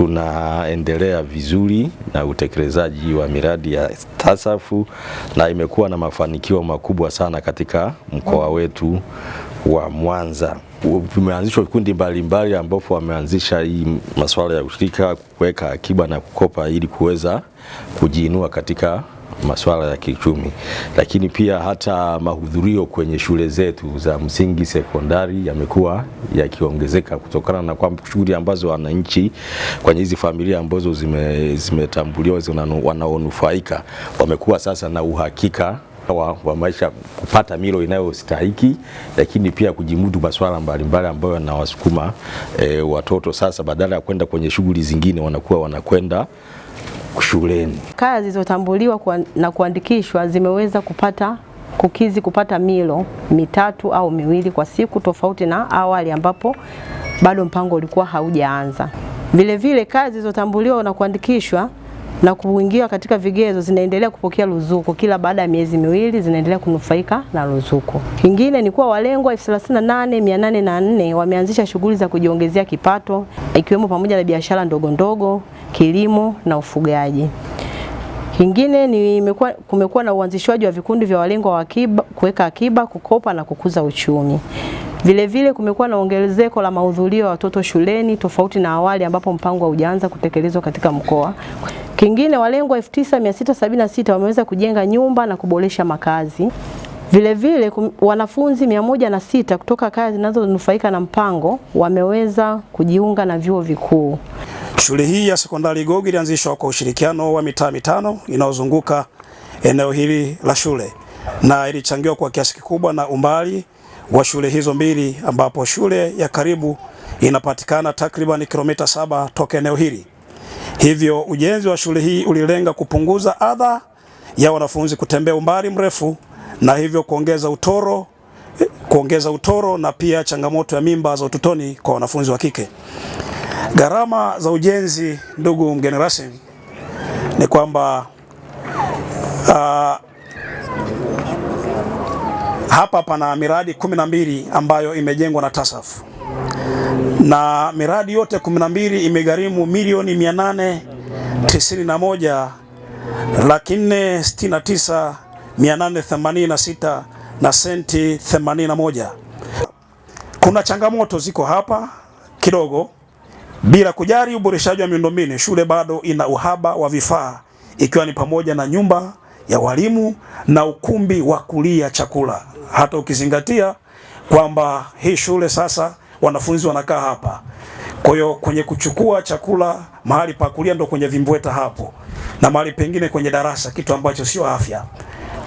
tunaendelea vizuri na utekelezaji wa miradi ya TASAFU na imekuwa na mafanikio makubwa sana katika mkoa wetu wa Mwanza. Vimeanzishwa vikundi mbalimbali ambapo wameanzisha hii masuala ya ushirika, kuweka akiba na kukopa ili kuweza kujiinua katika masuala ya kiuchumi, lakini pia hata mahudhurio kwenye shule zetu za msingi, sekondari yamekuwa yakiongezeka kutokana na kwamba shughuli ambazo wananchi kwenye hizi familia ambazo zimetambuliwa zime wanaonufaika wamekuwa sasa na uhakika wa, wa maisha kupata milo inayostahiki, lakini pia kujimudu masuala mbalimbali ambayo yanawasukuma e, watoto sasa badala ya kwenda kwenye shughuli zingine wanakuwa wanakwenda shuleni. Kaya zilizotambuliwa na kuandikishwa zimeweza kupata kukizi kupata milo mitatu au miwili kwa siku tofauti na awali ambapo bado mpango ulikuwa haujaanza. Vilevile, kaya zilizotambuliwa na kuandikishwa na kuingia katika vigezo zinaendelea kupokea ruzuku kila baada ya miezi miwili, zinaendelea kunufaika na ruzuku. Kingine ni kuwa walengwa 38804 wameanzisha shughuli za kujiongezea kipato ikiwemo pamoja na biashara ndogo ndogo kilimo na ufugaji. Kingine ni kumekuwa na uanzishwaji wa vikundi vya walengwa wa akiba, kuweka akiba, kukopa na kukuza uchumi. Vilevile kumekuwa na ongezeko la mahudhurio ya watoto shuleni tofauti na awali ambapo mpango haujaanza kutekelezwa katika mkoa. Kingine walengwa 9676 wameweza kujenga nyumba na kuboresha makazi. Vilevile vile, wanafunzi 106 kutoka kaya zinazonufaika na mpango wameweza kujiunga na vyuo vikuu. Shule hii ya sekondari Igogo ilianzishwa kwa ushirikiano wa mitaa mitano inayozunguka eneo hili la shule na ilichangiwa kwa kiasi kikubwa na umbali wa shule hizo mbili, ambapo shule ya karibu inapatikana takriban kilomita saba toka eneo hili. Hivyo ujenzi wa shule hii ulilenga kupunguza adha ya wanafunzi kutembea umbali mrefu na hivyo kuongeza utoro kuongeza utoro na pia changamoto ya mimba za utotoni kwa wanafunzi wa kike. Gharama za ujenzi, ndugu mgeni rasmi, ni kwamba uh, hapa pana miradi kumi na mbili ambayo imejengwa na TASAF na miradi yote kumi na mbili imegharimu milioni 891 laki nne sitini na tisa mia nane themanini na sita na senti 81. Kuna changamoto ziko hapa kidogo bila kujali uboreshaji wa miundombinu, shule bado ina uhaba wa vifaa, ikiwa ni pamoja na nyumba ya walimu na ukumbi wa kulia chakula, hata ukizingatia kwamba hii shule sasa wanafunzi wanakaa hapa. Kwa hiyo kwenye kuchukua chakula, mahali pa kulia ndo kwenye vimbweta hapo, na mahali pengine kwenye darasa, kitu ambacho sio afya.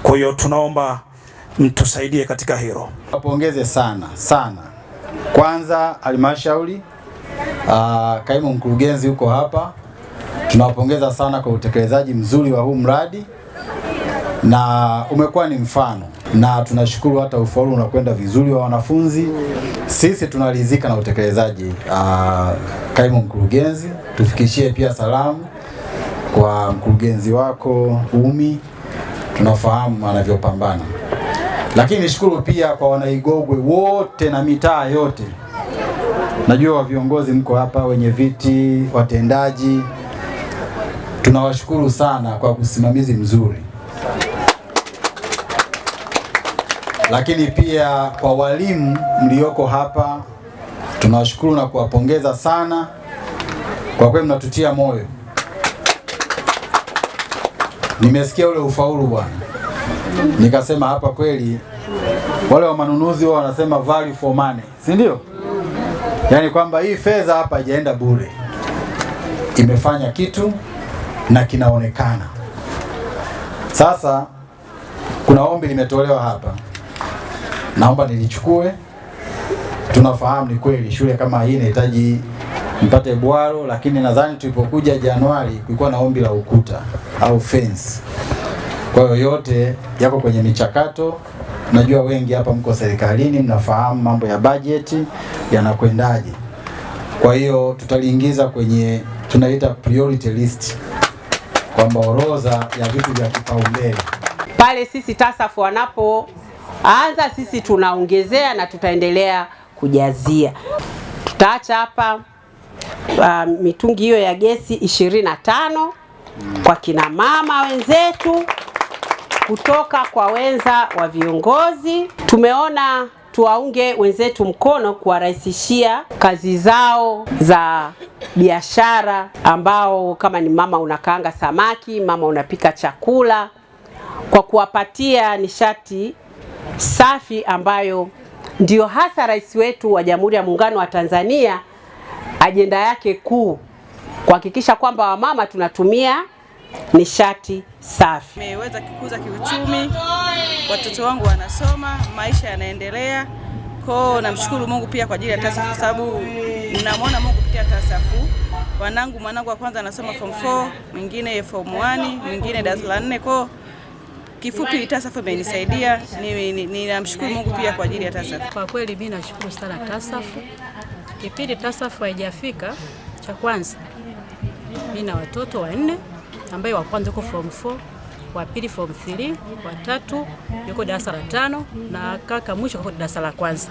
Kwa hiyo tunaomba mtusaidie katika hilo. Wapongeze sana sana, kwanza halmashauri Uh, kaimu mkurugenzi huko hapa, tunawapongeza sana kwa utekelezaji mzuri wa huu mradi na umekuwa ni mfano, na tunashukuru hata ufaulu unakwenda vizuri wa wanafunzi. Sisi tunaridhika na utekelezaji. Uh, kaimu mkurugenzi, tufikishie pia salamu kwa mkurugenzi wako Umi, tunafahamu anavyopambana, lakini nishukuru pia kwa wanaigogwe wote na mitaa yote Najua wa viongozi mko hapa, wenye viti, watendaji, tunawashukuru sana kwa usimamizi mzuri, lakini pia kwa walimu mlioko hapa tunawashukuru na kuwapongeza sana, kwa kweli mnatutia moyo. Nimesikia ule ufaulu bwana, nikasema hapa kweli wale wa manunuzi wao wanasema value for money, si ndio? yaani kwamba hii fedha hapa haijaenda bure, imefanya kitu na kinaonekana. Sasa kuna ombi limetolewa hapa, naomba nilichukue. Tunafahamu ni kweli shule kama hii inahitaji mpate bwalo, lakini nadhani tulipokuja Januari kulikuwa na ombi la ukuta au fence. Kwa hiyo yote yako kwenye michakato. Najua wengi hapa mko serikalini, mnafahamu mambo ya bajeti yanakwendaje. Kwa hiyo tutaliingiza kwenye tunaita priority list, kwamba orodha ya vitu vya kipaumbele pale sisi TASAF wanapoanza, sisi tunaongezea na tutaendelea kujazia. Tutaacha hapa uh, mitungi hiyo ya gesi 25 kwa kina mama wenzetu kutoka kwa wenza wa viongozi. Tumeona tuwaunge wenzetu mkono kuwarahisishia kazi zao za biashara, ambao kama ni mama unakaanga samaki, mama unapika chakula, kwa kuwapatia nishati safi ambayo ndio hasa rais wetu wa Jamhuri ya Muungano wa Tanzania ajenda yake kuu, kuhakikisha kwamba wamama tunatumia nishati safi. Nimeweza kukuza kiuchumi, watoto wangu wanasoma, maisha yanaendelea. Kwa namshukuru Mungu pia kwa ajili ya TASAFU kwa sababu namwona Mungu kupitia TASAFU. Wanangu, mwanangu wa kwanza anasoma form 4, mwingine form 1, mwingine darasa la 4. Kwa kifupi TASAFU imenisaidia, ninamshukuru ni, ni, Mungu pia kwa ajili ya TASAFU. Kwa kweli mimi nashukuru sana TASAFU. Kipindi TASAFU haijafika, cha kwanza mimi na watoto wanne ambaye wa kwanza yuko form 4, wa pili form 3, wa tatu yuko darasa la tano na kaka mwisho yuko darasa la kwanza.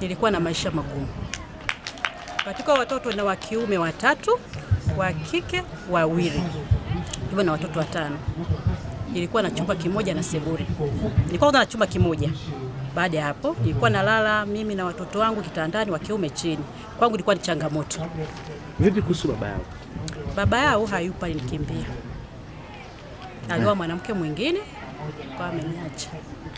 Nilikuwa na maisha magumu. Katika watoto na wa kiume watatu, wa kike wawili, hivyo na watoto watano. Nilikuwa na chumba kimoja na sebule. Nilikuwa na chumba kimoja. Baada ya hapo nilikuwa nalala mimi na watoto wangu kitandani, wa kiume chini. Kwangu ilikuwa ni changamoto. Vipi kuhusu baba yao? baba yao hayupa, alinikimbia, alioa mwanamke mwingine, kwa ameniacha.